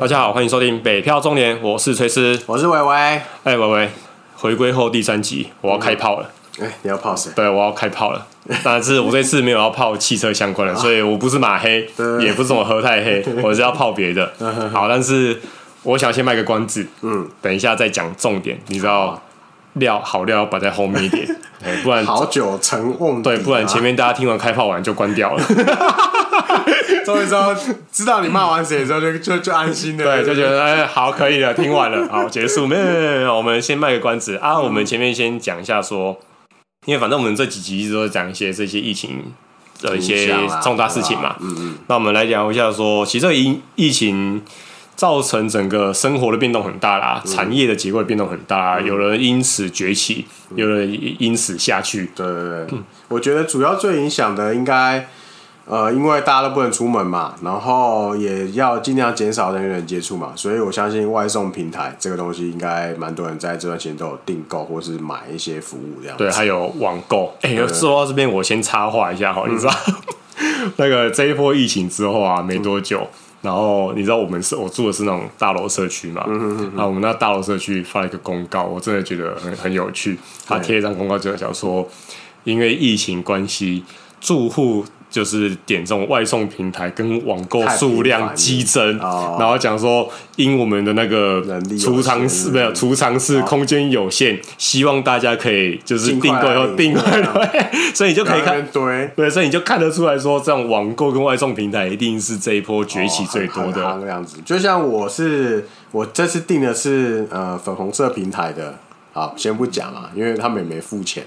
大家好，歡迎收聽《北漂中年》，我是崔師，我是微微。哎、欸，微微，回歸後第三集，我要開炮了。哎、嗯欸，你要炮誰？對，我要開炮了。 但是我這次沒有要炮汽車相關的，好所以我不是馬黑，對對對也不是我喝太黑， 我是要炮別的。 好，但是我想要先賣個關子，嗯，等一下再講重點。你知道料好料，要擺在後面一點。 哎，欸、不然好久瓮，對，不然前面大家聽完開炮完就關掉了。所以說知道你罵完誰之後，就就就安心的，對，就覺得哎、欸，好，可以了，聽完了，好，結束。 我們先賣個關子啊，我們前面先講一下說，因為反正我們這幾集一直都講一些這些疫情的一些重大事情嘛，嗯嗯，那我們來講一下說，其實疫疫情，造成整個生活的變動很大啦，嗯、產業的結構的變動很大，嗯、有人因此崛起，嗯、有人因此下去。對對對，嗯、我覺得主要最影響的應該，呃，因為大家都不能出門嘛，然後也要儘量減少人與人接觸嘛，所以我相信外送平台這個東西應該蠻多人在這段時間都有訂購或是買一些服務這樣。對，還有網購。哎、欸，說、嗯、到這邊我先插話一下好、啊，你知道， 那個這一波疫情之後啊，沒多久。嗯然後你知道我們是我住的是那種大樓社區嘛？啊、嗯，我們那大樓社區發了一個公告，我真的覺得很很有趣。他貼一張公告，就想說，嗯、因為疫情關係，住戶。就是點這種外送平台跟網購數量激增，然後講說因我們的那個儲藏室沒有儲藏室空間有限，希望大家可以就是訂購以後訂購，所以你就可以看對對，所以你就看得出來說，這種網購跟外送平台一定是這一波崛起最多的這樣子。就像我是我這次訂的是呃粉紅色平台的，好，先不講啊，因為他們也沒付錢。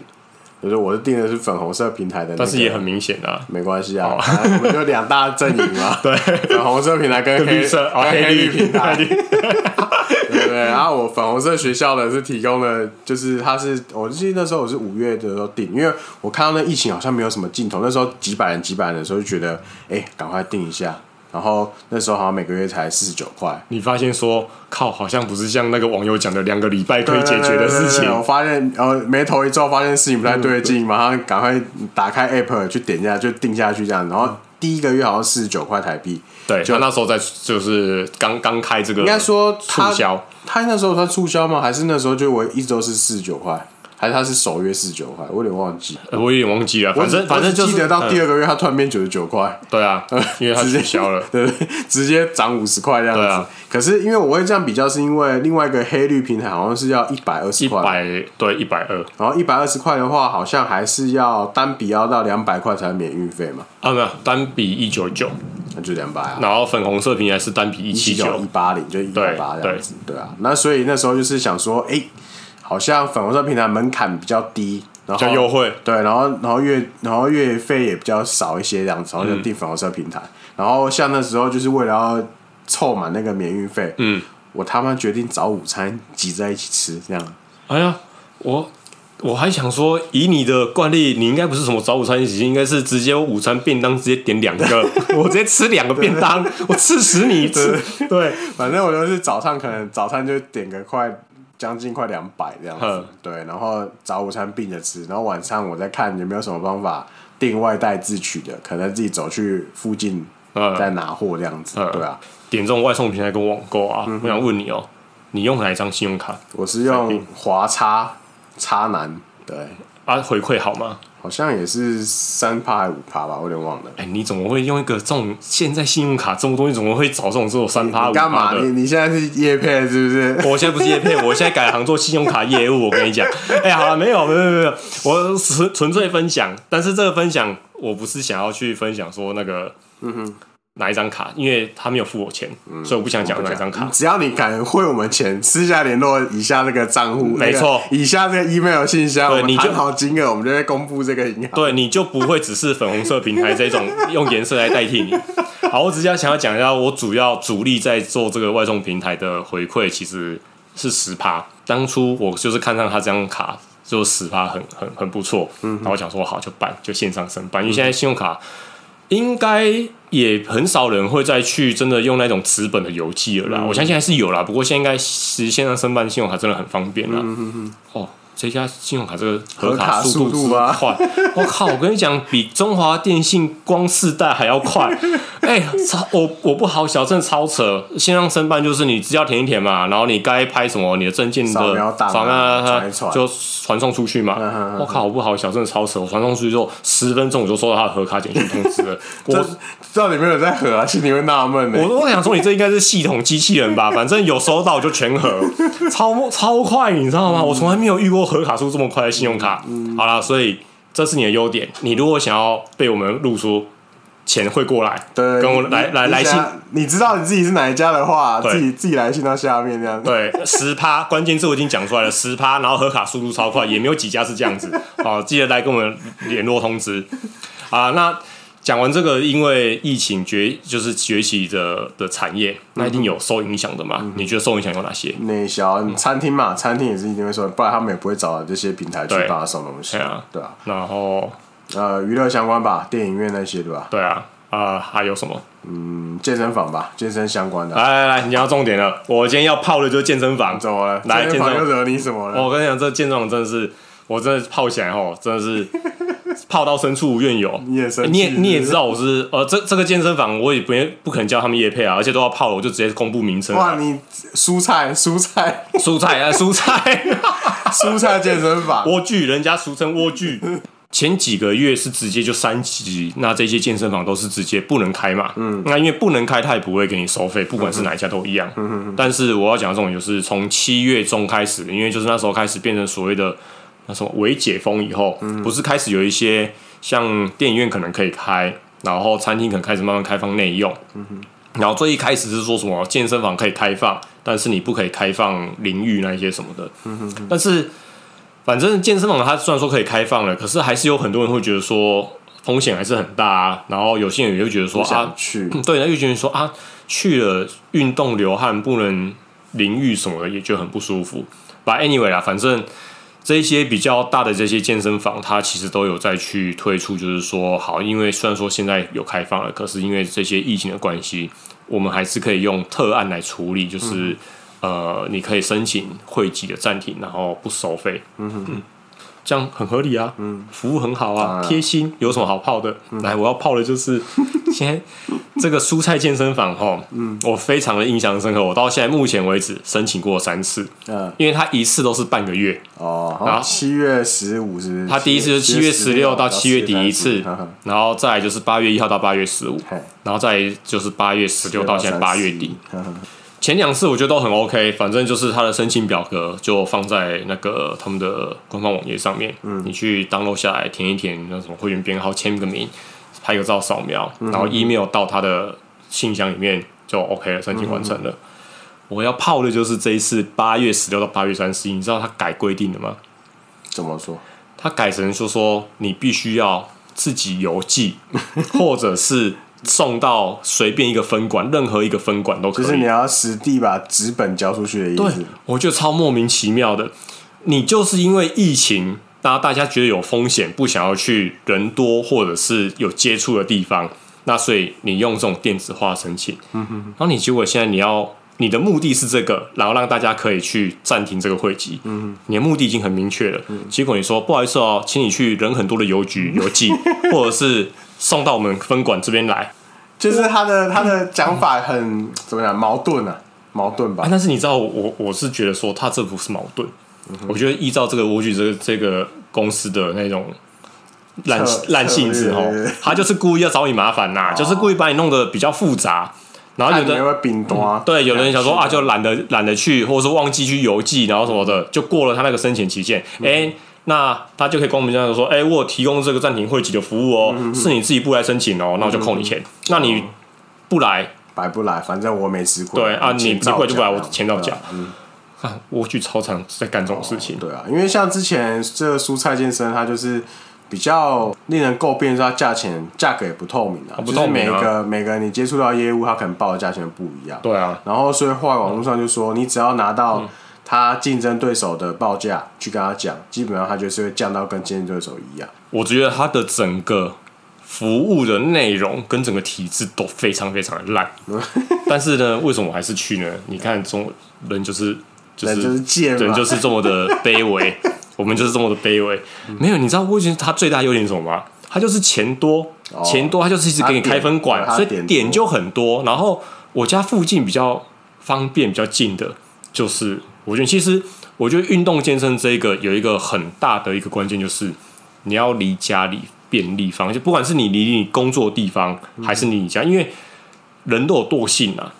比如說我是訂的是粉紅色平台的，但是也很明顯啊，沒關係啊，我們就兩大陣營嘛，對，粉紅色平台跟黑，跟黑色、哦、黑綠平台，力 對然後、啊、我粉紅色學校呢是提供了，就是它是，我記得那時候我是五月的時候訂，因為我看到那疫情好像沒有什麼盡頭，那時候幾百人、幾百人的時候就覺得，哎、欸，趕快訂一下。然後那時候好像每個月才四十九塊。你發現說，靠，好像不是像那個網友講的兩個禮拜可以解決的事情。對啊、對對對我發現，呃，眉頭一皺發現事情不太對勁，嗯、對馬上趕快打開 app 去點一下，就定下去這樣。然後第一個月好像四十九塊台幣，嗯、就對，就那時候在就是剛剛開這個。應該說促銷，他那時候他促銷嗎？還是那時候就我一直都是四十九塊？還它是，是首月四十九塊，我有點忘記，我有點忘記了。反正反正，、就是、反正記得到第二個月，它突然變九十九塊。對啊，因為它取消了直接，對，直接漲五十塊這樣子。啊、可是因為我會這樣比較，是因為另外一個黑綠平台好像是要一百二十塊，一百對一百二。然後一百二十塊的話，好像還是要單筆要到兩百塊才免運費嘛。Uh、huh, 9，啊，沒有單筆一九九，那就兩百啊。然後粉紅色平台是單筆一七九一八零，就一百八這樣子。對，對，對啊，那所以那時候就是想說，哎、欸。好像粉紅色平台門檻比較低，然後，比較優惠，對，然後然後月然後月費也比較少一些這樣子，然後就訂粉紅色平台。嗯、然後像那時候就是為了要湊滿那個免運費，嗯，我他媽決定早午餐擠在一起吃這樣。哎呀，我我還想說，以你的慣例，你應該不是什麼早午餐擠擠，應該是直接我午餐便當直接點兩個。 我直接吃兩個便當，對我吃死你一次。對，對對反正我就是早上可能早餐就點個快。將近快兩百這樣子，呵對，然後早午餐並着吃，然後晚上我再看有沒有什麼方法訂外帶自取的，可能在自己走去附近再拿貨這樣子。呵對啊，點這種外送平台跟網購啊，嗯、哼我想問你哦、喔，你用哪一張信用卡？我是用華差差男，對啊，回饋好嗎？好像也是三趴還五趴吧，我有點忘了。哎、欸，你怎麼會用一個這種現在信用卡這種東西，怎麼會找這種這種三趴五趴的？幹、欸、嘛？你你現在是葉片業配是不是？我現在不是業配， 我現在改行做信用卡業務。我跟你講，哎、 欸，好了，沒有沒有沒有沒有，我純純粹分享。但是這個分享，我不是想要去分享說那個，嗯哼。哪一張卡？因為他沒有付我錢，嗯、所以我不想講哪一張卡。只要你敢匯我們錢，私下聯絡以下那個賬戶，沒錯、嗯，以下這個 email 信箱，錯我對你就好金額，我們就會公布這個銀行。對，你就不會只是粉紅色平台這種用顏色來代替你。 好，我只要想要講一下，我主要主力在做這個外送平台的回饋，其實是十趴。當初我就是看上他這張卡，就十趴很很很不錯，嗯哼，然後我想說好就辦，就線上申辦，嗯、因為現在信用卡。應該也很少人會再去真的用那種紙本的郵寄了啦。我相信還是有啦，不過現在應該線上申辦信用卡真的很方便啦，嗯哼哼。嗯嗯嗯，哦。誰家信用卡這個核卡速度之快？我靠！我跟你講，比中華電信光世代還要快。哎，超我我不好，小鎮超扯。線上申辦就是你只要填一填嘛，然後你該拍什麼你的證件掃描檔啊，就傳送出去嘛。我靠，我不好，小鎮超扯。我傳送出去之後十分鐘我就收到他的核卡簡訊通知了。我知道你們有在核，其實你會納悶。我都想說你這應該是系統機器人吧？反正有收到就全核，超超快，你知道嗎？我從來沒有遇過和卡速這麼快的信用卡，嗯嗯、好了，所以這是你的優點。你如果想要被我們露出，錢會過來，對，跟我來來來信。你知道你自己是哪一家的話，對自己自己來信到下面這樣子。對，十趴， 關鍵字我已經講出來了，十趴，然後和卡速度超快，也沒有幾家是這樣子。好，記得來跟我們聯絡通知啊， 那。講完這個，因為疫情崛就是崛起的的產業，那一定有受影響的嘛。嗯、哼你覺得受影響有哪些？那小餐廳嘛，嗯、餐廳也是一定會受，不然他們也不會找這些平台去幫他送東西。對啊，對啊。對啊，然後呃，娛樂相關吧，電影院那些對吧？對啊。對啊、呃，還有什麼？嗯，健身房吧，健身相關的、啊。來來來，你要重點了。我今天要泡的就是健身房。怎麼了？來，健身房又惹你什麼了？我跟你講，這健身房真的是，我真的泡起來齁，真的是。 泡到深處無怨尤，你也是是、欸、你也你也知道我是，呃，這這個健身房我也不不可能叫他們業配啊，而且都要泡了，我就直接公布名稱、啊。哇，你蔬菜蔬菜蔬菜啊蔬菜 蔬菜健身房，萵苣，人家俗稱萵苣。 前幾個月是直接就三級，那這些健身房都是直接不能開嘛。嗯，那因為不能開，他也不會給你收費，不管是哪一家都一樣。嗯哼但是我要講的這種就是從七月中開始，因為就是那時候開始變成所謂的。什麼？微解封以後，不是開始有一些像電影院可能可以開，然後餐廳可能開始慢慢開放內用，然後最一開始是說什麼健身房可以開放，但是你不可以開放淋浴那些什麼的。嗯、哼哼，但是反正健身房它雖然說可以開放了，可是還是有很多人會覺得說風險還是很大啊。然後有些人會覺得說啊，去對，又覺得說啊去了運動流汗不能淋浴什麼的，也就很不舒服。But anyway 啊，反正。這些比較大的這些健身房，它其實都有在去推出，就是說，好，因為雖然說現在有開放了，可是因為這些疫情的關係，我們還是可以用特案來處理，就是、嗯、呃，你可以申請會籍的暫停，然後不收費。嗯哼嗯這樣很合理啊，嗯，服務很好啊，貼心，有什麼好泡的？來，我要泡的就是，現在這個蔬菜健身房哦，嗯，我非常的印象深刻，我到現在目前為止申請過三次，嗯，因為他一次都是半個月哦，然後七月十五是，他第一次是七月十六到七月底一次，然後再就是八月一號到八月十五，然後再就是八月十六到現在八月底。前兩次我覺得都很 OK，反正就是他的申請表格就放在那個他們的官方網頁上面，嗯、你去 DOWNLOAD 下來填一填，那什麼會員編號、簽個名、拍個照掃描，然後 email 到他的信箱裡面就 OK 了，申請完成了。嗯嗯，我要泡的就是這一次八月十六到八月三十一，你知道他改規定的嗎？怎麼說？他改成說，說你必須要自己郵寄， 或者是。送到隨便一個分館，任何一個分館都可以。就是你要實地把紙本交出去的意思。對，我覺得超莫名其妙的。你就是因為疫情，大家覺得有風險，不想要去人多或者是有接觸的地方，那所以你用這種電子化申請。嗯哼。然後你結果現在你要，你的目的是這個，然後讓大家可以去暫停這個會籍。嗯哼你的目的已經很明確了，嗯、結果你說不好意思哦，請你去人很多的郵局郵寄，嗯、或者是。 送到我們分館這邊來，就是他的他的講法很怎麼講矛盾啊，矛盾吧？啊、但是你知道我我是覺得說他這不是矛盾，嗯、哼我覺得依照這個萵苣這這個公司的那種爛爛性子哦，對對對，他就是故意要找你麻煩吶、啊，哦、就是故意把你弄的比較複雜，然後覺得有人要，、嗯、對，有人想說的啊，就懶得懶得去，或者說忘記去郵寄，然後什麼的，就過了他那個申請期限，哎、嗯。欸那他就可以光明正大地說，哎、欸，我提供這個暫停會籍的服務哦，嗯、哼是你自己不來申請哦，那我就扣你錢。嗯、哼那你不來，白不來，反正我沒吃虧。對啊，你不來就不來，我錢照繳。嗯、啊，我去操場在幹這種事情、哦。對啊，因為像之前這個蔬菜健身，它就是比較令人詬病，是它價錢價格也不透明啊。哦、不透明啊，是每一個每一個你接觸到業務，它可能報的價錢不一樣。對啊，然後所以後來網絡上就說，你只要拿到、嗯。嗯他競爭對手的報價去跟他講，基本上他就是會降到跟競爭對手一樣。我覺得他的整個服務的內容跟整個體制都非常非常的爛。 但是呢，為什麼我還是去呢？你看中人就是就是賤，人就是，人就是這麼的卑微， 我們就是這麼的卑微。 沒有，你知道為什麼他最大優點是什麼嗎？他就是錢多，哦、錢多，他就是一直給你開分館，哦、所以點就很多。然後我家附近比較方便、比較近的就是。我覺得其實，我覺得運動健身這一個有一個很大的一個關鍵，就是你要離家裡便利、方便，不管是你離你工作的地方，還是你家，因為人都有惰性啊。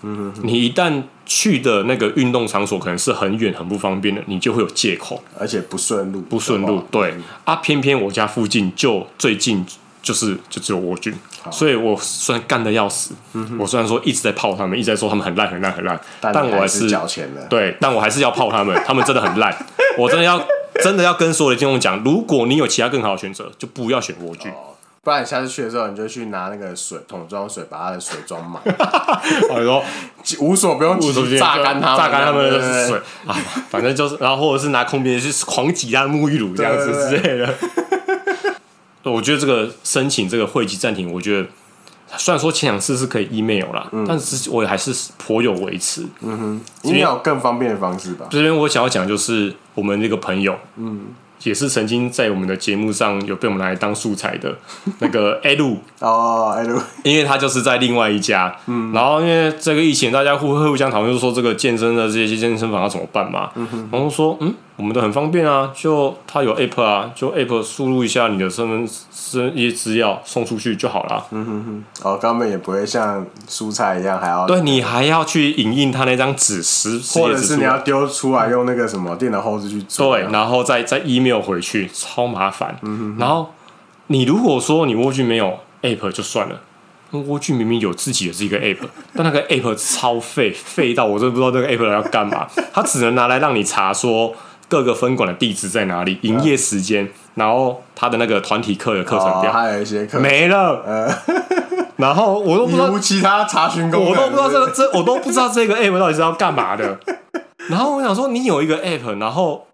你一旦去的那個運動場所可能是很遠很不方便的，你就會有借口，而且不順路，不順路。對，啊，偏偏我家附近就最近。就是就只有蝸具，所以我雖然幹得要死，我雖然說一直在泡他們，一直在說他們很爛很爛很爛，但我還是繳錢的，對，但我還是要泡他們，他們真的很爛，我真的要真的要跟所有的聽眾講，如果你有其他更好的選擇，就不要選蝸具，不然你下次去的時候，你就去拿那個水桶裝水，把他的水裝滿，我說無所不用其極，榨乾他們，榨乾他們的水，啊，反正就是，然後或者是拿空瓶去狂擠他的沐浴乳這樣子之類的。對，我覺得這個申請這個會籍暫停，我覺得雖然說前兩次是可以 email 啦，但是我還是頗有維持。嗯哼，email 更方便的方式吧。這邊我想要講的就是我們那個朋友，嗯，也是曾經在我們的節目上有被我們拿來當素材的，那個 L。哦，L，因為他就是在另外一家，嗯，然後因為這個疫情，大家互互相討論，就是說這個健身的這些健身房要怎麼辦嘛，嗯哼，然後說嗯。我們都很方便啊，就它有 app 啊，就 app 輸入一下你的身份一些資料，送出去就好了。嗯哼哼，哦，根本也不會像蔬菜一樣還要對，你還要去影印他那張紙，撕或者是你要丟出來用那個什麼、嗯、電腦後置去做，對，然後再再 email 回去，超麻煩。嗯哼、哼，然後你如果說你蝸居沒有 app 就算了，蝸居明明有自己的是一個 app， 但那個 app 超廢，廢到我真的不知道那個 app 要幹嘛，它 只能拿來讓你查說。各個分館的地址在哪裡？營業時間，然後他的那個團體課的課程表，還有一些課沒了。然後我都不知道其他查詢功能，我都不知道這個這我都不知道這個 app 到底是要幹嘛的。然後我想說，你有一個 app，然後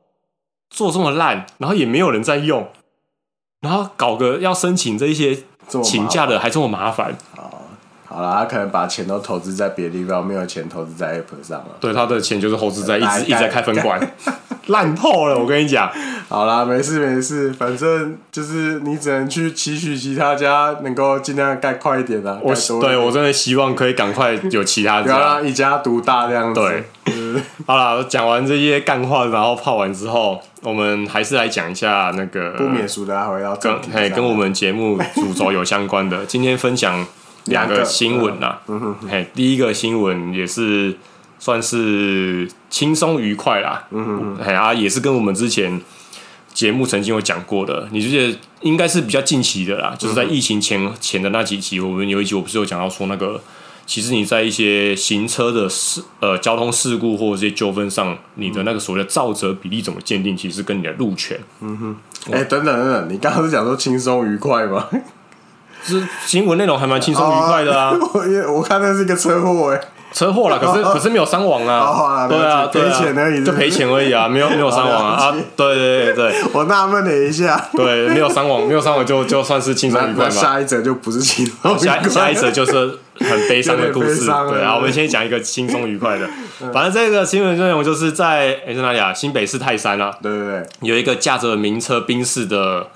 做這麼爛，然後也沒有人在用，然後搞個要申請這些請假的還這麼麻煩。好啦，他可能把錢都投資在別的地方，沒有錢投資在 app 上了。對，他的錢就是投資在一直一直在開分館。爛透了，我跟你講、嗯，好啦，沒事沒事，反正就是你只能去期許其他家能夠盡量蓋快一點啦。我對，我真的希望可以趕快有其他家一家獨大這樣子。對，是是，好啦，講完這些幹話，然後泡完之後，我們還是來講一下那個不免俗的阿輝要跟哎跟我們節目主軸有相關的， 今天分享兩個新聞吶、嗯。嗯哼、嗯嗯，第一個新聞也是。算是輕鬆愉快啦，嗯哼。哎呀，也是跟我們之前節目曾經有講過的，你覺得應該是比較近期的啦，嗯、哼就是在疫情前前的那幾集，我們有一集我不是有講到說那個，其實你在一些行車的事呃交通事故或者這些糾紛上，嗯、哼你的那個所謂的肇責比例怎麼鑑定，其實跟你的路權，嗯哼，哎我、欸，等等等等，你剛剛是講說輕鬆愉快嗎？就 是新聞內容還蠻輕鬆愉快的啊，因為、哦、我，我看那是個車禍哎、欸。車禍了，可是、哦、可是沒有傷亡啊，好好啊，啊，對啊，賠錢而已是是，就賠錢而已啊，沒有沒有傷亡啊，啊，對對對，對，我納悶了一下，對，沒有傷亡，沒有傷亡就就算是輕鬆愉快嘛、啊，下一則就不是輕鬆。下下一則就是很悲傷的故事，對啊，我們先講一個輕鬆愉快的，對對對對，反正這個新聞內容就是在在、欸、哪裡啊、啊、新北市泰山啊，對，對對對，有一個駕着名車賓士的。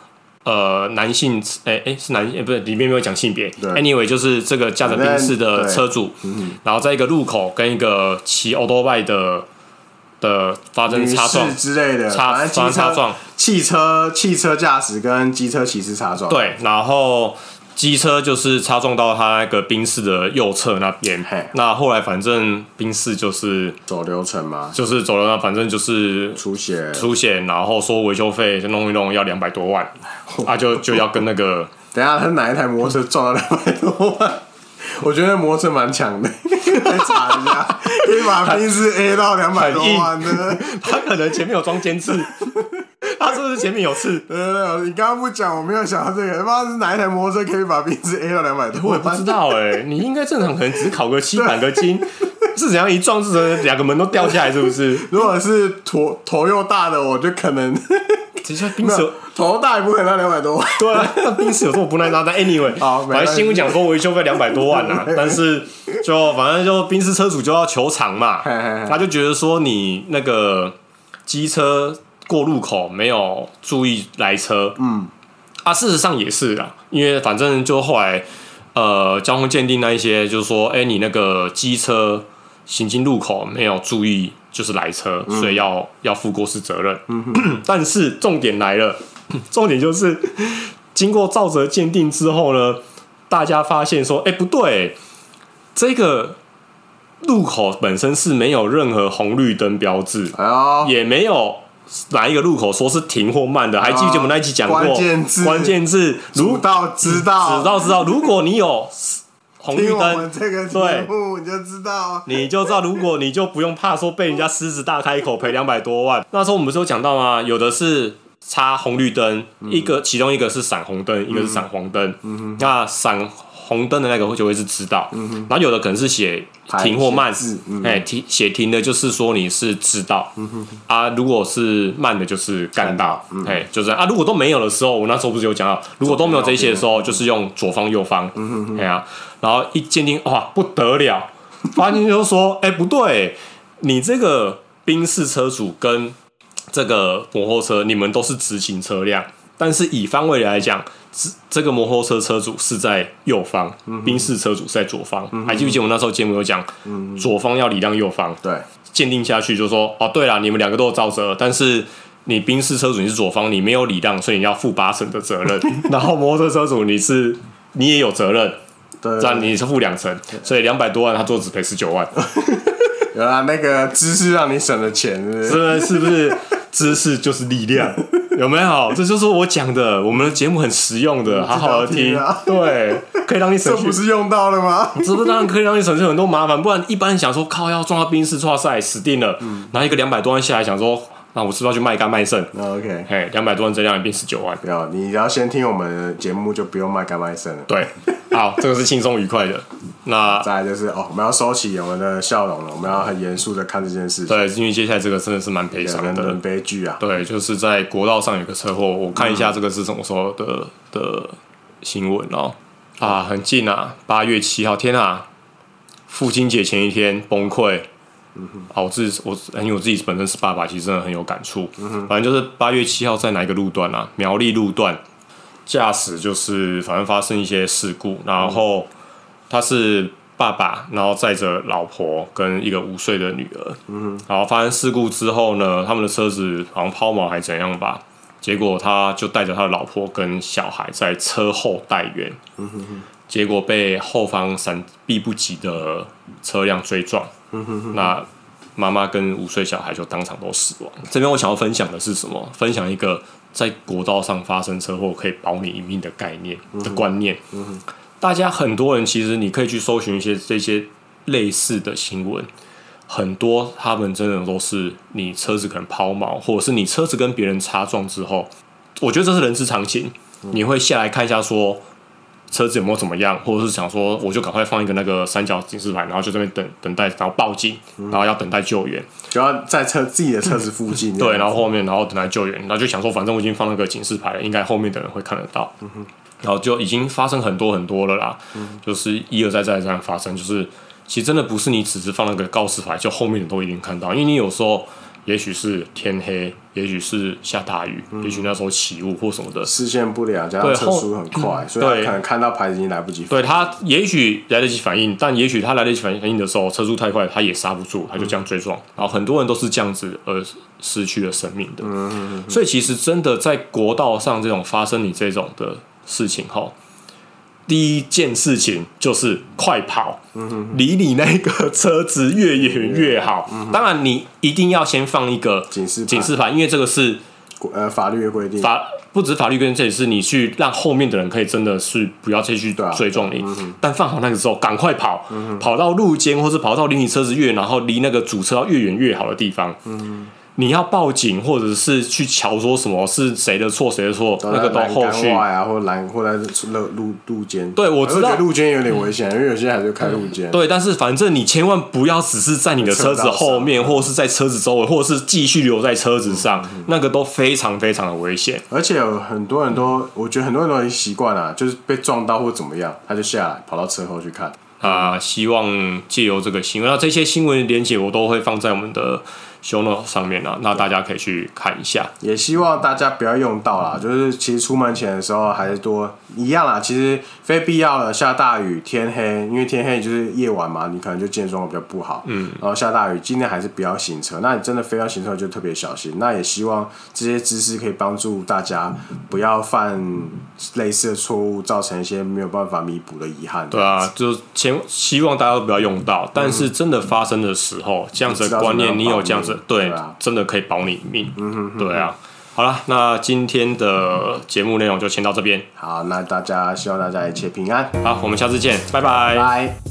呃，男性，哎、欸、哎、欸，是男性，欸，不是裡面沒有講性別。對 anyway，就是這個駕着賓士的車主，對然後在一個路口跟一個騎歐多 bike 的的發生擦撞之類的，差啊、發生擦撞，汽車汽車駕駛跟機車騎士擦撞。對，然後。機車就是插撞到他那個賓士的右側那邊，嘿那後來反正賓士就，就是走、走流程嘛，就是走流程，反正就是出險出險血，然後說維修費，就弄一弄要兩百多萬，他、啊、就就要跟那個等一下他哪一台摩托車撞了兩百多萬？嗯、我覺得摩托車蠻強的，太慘了，一 把賓士 A 到兩百多萬的，他可能前面有裝尖刺。 他說是，是前面有刺，對對對，你剛剛不講，我沒有想到這個。他媽是哪一台摩托車可以把賓士 A 到兩百多萬？我也不知道哎、欸，你應該正常可能只考個七百個金，對 是怎樣一撞，是整個兩個門都掉下來？是不是？如果是頭頭又大的，我就可能，你說賓士頭大也不可能兩百多萬。對、啊，賓士有這麼不耐扎？但 anyway，反正新聞講說維修費兩百多萬吶、啊， 但是就反正就賓士車主就要求償嘛， 他就覺得說你那個機車。過路口沒有注意來車，嗯，啊，事實上也是啊，因為反正就後來，呃，交通鑑定那一些就是說，哎、欸，你那個機車行經路口沒有注意就是來車，嗯、所以要要負過失責任。嗯哼， 但是重點來了，重點就是經過肇責鑑定之後呢，大家發現說，哎、欸，不對，這個路口本身是沒有任何紅綠燈標誌，哎呦也沒有。哪一個路口說是停或慢的？還記得我們那一集講過，關鍵字，關鍵字，知道知道知道知道。如果你有紅綠燈這個對，你就知道，你就知道，如果你就不用怕說被人家獅子大開一口賠兩百多萬。那時候我們不是有講到嗎？有的是插紅綠燈，一個，其中一個是閃紅燈，一個是閃黃燈。那閃。紅燈的那個就會是支道，嗯、哼然後有的可能是寫停或慢，哎，停、嗯、寫停的就是說你是支道，嗯、哼哼啊，如果是慢的就是幹道，哎、嗯，就是啊，如果都沒有的時候，我那時候不是有講到，如果都沒有這些的時候，嗯、哼就是用左方右方，嗯哼哼對啊、然後一鑑定哇不得了，發現就說，哎、 欸，不對，你這個賓士車主跟這個摩托車，你們都是直行車輛。但是以方位來講，這這個摩托車車主是在右方，賓、嗯、哼士車主是在左方。嗯、哼還記得我們那時候節目有講，嗯、哼左方要禮讓右方。對，鑑定下去就是說，哦，對了，你們兩個都有肇責。但是你賓士車主你是左方，你沒有禮讓，所以你要負八成的責任。 然後摩托車主你是你也有責任，對，對，對，你是負兩成，所以兩百多萬他做只賠十九萬。 有啊，那個知識讓你省了錢是是，是不是？是不是知識就是力量？ 有沒有？這就是我講的，我們的節目很實用的，好好的聽。聽了對，可以讓你省去這，不是用到了嗎？這不當然可以讓你省去很多麻煩。不然，一般想說靠，要撞到賓士，到賽死定了。拿、嗯、一個兩百多萬下來，想說，那我是不是要去賣肝賣腎、哦、？OK，嘿，兩百多萬這樣變十九萬。不要，你要先聽我們的節目，就不用賣肝賣腎了。對，好，這個是輕鬆愉快的。那再來就是哦，我們要收起我們的笑容了，我們要很嚴肅的看這件事情。對，因為接下來這個真的是蠻悲傷的，很悲劇啊。對，就是在國道上有個車禍，我看一下這個是什麼時候的，嗯、哼的新聞哦。啊，很近啊，八月七號，天吶，啊！父親節前一天崩潰。嗯哼，啊，我自己，我因為我自己本身是爸爸，其實真的很有感觸。嗯哼，反正就是八月七號在哪一個路段啊？苗栗路段駕駛就是反正發生一些事故，然後。嗯他是爸爸，然後載着老婆跟一個五歲的女兒。嗯、哼然後發生事故之後呢，他們的車子好像拋錨還是怎樣吧。結果他就帶着他的老婆跟小孩在車後待援。嗯、哼哼結果被後方閃避不及的車輛追撞。嗯、哼哼那媽媽跟五歲小孩就當場都死亡。這邊我想要分享的是什麼？分享一個在國道上發生車禍可以保你一命的概念、嗯、哼的觀念。嗯大家很多人其實你可以去搜尋一些這些類似的新聞，很多他們真的都是你車子可能拋錨，或者是你車子跟別人擦撞之後，我覺得這是人之常情，嗯、你會下來看一下說車子有沒有怎麼樣，或者是想說我就趕快放一個那個三角警示牌，然後就在那邊等，等待，然後報警，嗯、然後要等待救援，就要在車自己的車子附近這樣子、嗯、對，然後後面，然後等待救援，然後就想說反正我已經放那個警示牌了，應該後面的人會看得到。嗯哼然後就已經發生很多很多了啦，嗯、就是一而再再而三發生，就是其實真的不是你只是放了個告示牌，就後面人都已經看到，因為你有時候也許是天黑，也許是下大雨，嗯、也許那時候起霧或什麼的，視線不良加上車速很快，對，所以可能看到牌子已經來不及。對，他也許來得及反應，但也許他來得及反應的時候，車速太快，他也剎不住，他就這樣追撞。嗯、然後很多人都是這樣子而失去了生命的。嗯嗯嗯、所以其實真的在國道上這種發生你這種的。事情齁，第一件事情就是快跑，離、嗯、你那個車子越遠越好。嗯、哼當然，你一定要先放一個警示、警示牌，因為這個是呃法律的規定。法不止法律規定，這也是你去讓後面的人可以真的是不要再去追撞你。啊嗯、但放好那個之後，趕快跑，嗯、哼跑到路肩，或是跑到離你車子越遠然後離那個主車越遠越好的地方。嗯你要報警，或者是去瞧說什麼是誰的錯，誰的錯，那個都後續啊，或攔，或者路路路肩，對，我就覺得路肩有點危險，因為有些人還是開路肩。對，但是反正你千萬不要只是在你的車子後面，或是在車子周圍，或是繼續留在車子上，那個都非常非常的危險。而且有很多人都，我覺得很多人都習慣了，就是被撞到或怎麼樣，他就下來跑到車後去看啊，希望借由這個新聞，那這些新聞的連結我都會放在我們的。修諾上面啊，那大家可以去看一下。也希望大家不要用到啦，就是其實出門前的時候還是多一樣啦。其實非必要的，下大雨、天黑，因為天黑就是夜晚嘛，你可能就見狀況比較不好。嗯，然後下大雨，盡量還是不要行車。那你真的非要行車，就特別小心。那也希望這些知識可以幫助大家不要犯類似的錯誤，造成一些沒有辦法彌補的遺憾的。對啊，就前，希望大家都不要用到，但是真的發生的時候，嗯、這樣子的觀念你有這樣子。.對，對吧？真的可以保你命。嗯，對啊，好了，那今天的節目內容就先到這邊。好，那大家希望大家一切平安。好，我們下次見，拜拜。拜拜。